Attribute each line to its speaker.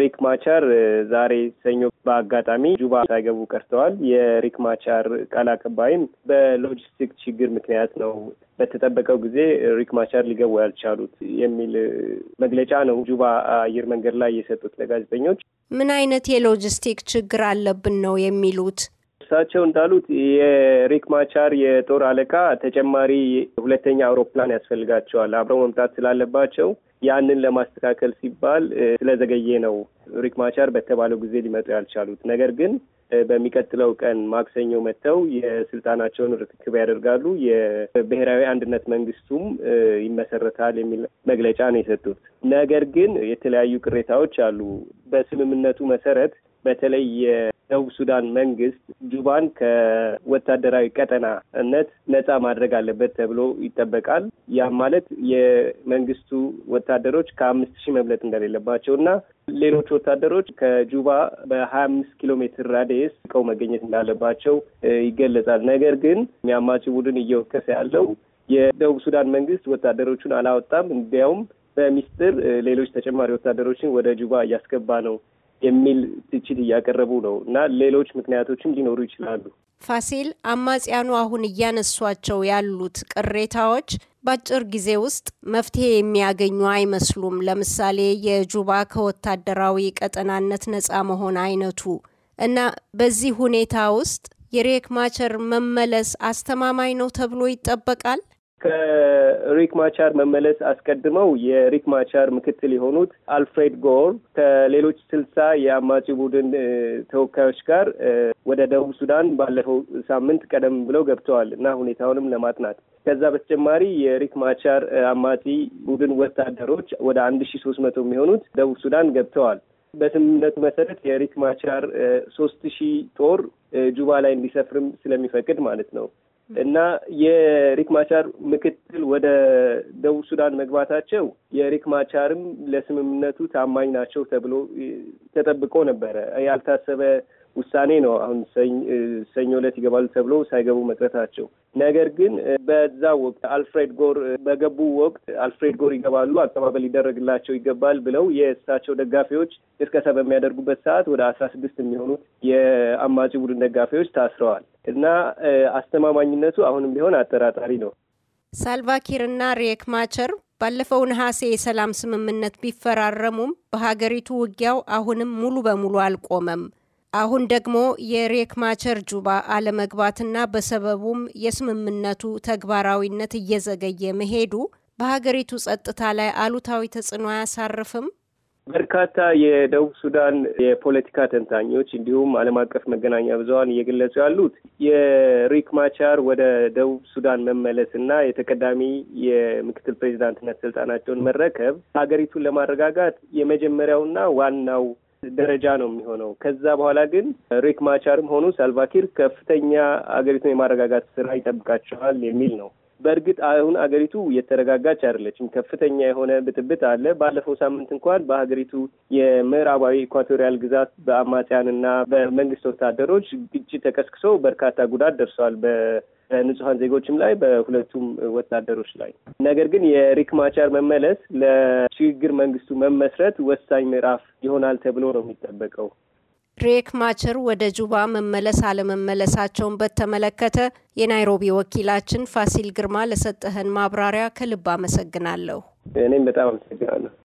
Speaker 1: ሪክ ማቻር ዛሬ ሰኞ በአጋጣሚ ጁባ ሳይገቡ ቀርተዋል። የሪክ ማቻር ቃል አቀባይም በሎጂስቲክ ችግር ምክንያት ነው በተጠበቀው ጊዜ ሪክ ማቻር ሊገቡ ያልቻሉት የሚል መግለጫ ነው ጁባ አየር መንገድ ላይ የሰጡት ለጋዜጠኞች።
Speaker 2: ምን አይነት የሎጂስቲክ ችግር አለብን ነው የሚሉት? እሳቸው
Speaker 1: እንዳሉት የሪክ ማቻር የጦር አለቃ ተጨማሪ ሁለተኛ አውሮፕላን ያስፈልጋቸዋል አብረው መምጣት ስላለባቸው ያንን ለማስተካከል ሲባል ስለዘገየ ነው ሪክ ማቻር በተባለው ጊዜ ሊመጡ ያልቻሉት። ነገር ግን በሚቀጥለው ቀን ማክሰኞ መጥተው የስልጣናቸውን ርክክብ ያደርጋሉ፣ የብሔራዊ አንድነት መንግስቱም ይመሰረታል የሚል መግለጫ ነው የሰጡት። ነገር ግን የተለያዩ ቅሬታዎች አሉ። በስምምነቱ መሰረት በተለይ ደቡብ ሱዳን መንግስት ጁባን ከወታደራዊ ቀጠናነት ነፃ ማድረግ አለበት ተብሎ ይጠበቃል። ያም ማለት የመንግስቱ ወታደሮች ከአምስት ሺህ መብለጥ እንደሌለባቸው እና ሌሎች ወታደሮች ከጁባ በሀያ አምስት ኪሎ ሜትር ራዲየስ ቀው መገኘት እንዳለባቸው ይገለጻል። ነገር ግን የአማጭ ቡድን እየወከሰ ያለው የደቡብ ሱዳን መንግስት ወታደሮቹን አላወጣም፣ እንዲያውም በሚስጥር ሌሎች ተጨማሪ ወታደሮችን ወደ ጁባ እያስገባ ነው የሚል ትችት እያቀረቡ ነው እና ሌሎች ምክንያቶችም ሊኖሩ ይችላሉ።
Speaker 2: ፋሲል፣ አማጽያኑ አሁን እያነሷቸው ያሉት ቅሬታዎች በአጭር ጊዜ ውስጥ መፍትሄ የሚያገኙ አይመስሉም። ለምሳሌ የጁባ ከወታደራዊ ቀጠናነት ነጻ መሆን አይነቱ እና በዚህ ሁኔታ ውስጥ የሬክ ማቸር መመለስ አስተማማኝ ነው ተብሎ ይጠበቃል።
Speaker 1: ከሪክ ማቻር መመለስ አስቀድመው የሪክ ማቻር ምክትል የሆኑት አልፍሬድ ጎር ከሌሎች ስልሳ የአማጺ ቡድን ተወካዮች ጋር ወደ ደቡብ ሱዳን ባለፈው ሳምንት ቀደም ብለው ገብተዋል እና ሁኔታውንም ለማጥናት ከዛ በተጨማሪ የሪክ ማቻር አማጺ ቡድን ወታደሮች ወደ አንድ ሺ ሶስት መቶ የሚሆኑት ደቡብ ሱዳን ገብተዋል። በስምምነቱ መሰረት የሪክ ማቻር ሶስት ሺህ ጦር ጁባ ላይ እንዲሰፍርም ስለሚፈቅድ ማለት ነው። እና የሪክ ማቻር ምክትል ወደ ደቡብ ሱዳን መግባታቸው የሪክ ማቻርም ለስምምነቱ ታማኝ ናቸው ተብሎ ተጠብቆ ነበረ። ያልታሰበ ውሳኔ ነው። አሁን ሰኞ ዕለት ይገባሉ ተብሎ ሳይገቡ መቅረታቸው። ነገር ግን በዛ ወቅት አልፍሬድ ጎር በገቡ ወቅት አልፍሬድ ጎር ይገባሉ፣ አቀባበል ሊደረግላቸው ይገባል ብለው የእሳቸው ደጋፊዎች ቅስቀሳ በሚያደርጉበት ሰዓት ወደ አስራ ስድስት የሚሆኑት የአማጺ ቡድን ደጋፊዎች ታስረዋል እና አስተማማኝነቱ አሁንም ቢሆን አጠራጣሪ ነው።
Speaker 2: ሳልቫኪርና ሪክ ማቸር ባለፈው ነሐሴ የሰላም ስምምነት ቢፈራረሙም በሀገሪቱ ውጊያው አሁንም ሙሉ በሙሉ አልቆመም። አሁን ደግሞ የሬክማቸር ጁባ አለመግባትና በሰበቡም የስምምነቱ ተግባራዊነት እየዘገየ መሄዱ በሀገሪቱ ጸጥታ ላይ አሉታዊ ተጽዕኖ አያሳርፍም?
Speaker 1: በርካታ የደቡብ ሱዳን የፖለቲካ ተንታኞች እንዲሁም ዓለም አቀፍ መገናኛ ብዙኃን እየገለጹ ያሉት የሪክ ማቻር ወደ ደቡብ ሱዳን መመለስ እና የተቀዳሚ የምክትል ፕሬዚዳንትነት ስልጣናቸውን መረከብ ሀገሪቱን ለማረጋጋት የመጀመሪያውና ዋናው ደረጃ ነው የሚሆነው። ከዛ በኋላ ግን ሪክ ማቻርም ሆኑ ሳልቫኪር ከፍተኛ አገሪቱን የማረጋጋት ስራ ይጠብቃቸዋል የሚል ነው። በእርግጥ አሁን አገሪቱ እየተረጋጋች አይደለችም። ከፍተኛ የሆነ ብጥብጥ አለ። ባለፈው ሳምንት እንኳን በሀገሪቱ የምዕራባዊ ኢኳቶሪያል ግዛት በአማጽያንና በመንግስት ወታደሮች ግጭት ተቀስቅሶ በርካታ ጉዳት ደርሰዋል በንጹሀን ዜጎችም ላይ በሁለቱም ወታደሮች ላይ። ነገር ግን የሪክ ማቻር መመለስ ለሽግግር መንግስቱ መመስረት ወሳኝ ምዕራፍ ይሆናል ተብሎ ነው የሚጠበቀው።
Speaker 2: ሬክ ማቸር ወደ ጁባ መመለስ አለመመለሳቸውን በተመለከተ የናይሮቢ ወኪላችን ፋሲል ግርማ ለሰጠህን ማብራሪያ ከልብ አመሰግናለሁ።
Speaker 1: እኔም በጣም አመሰግናለሁ።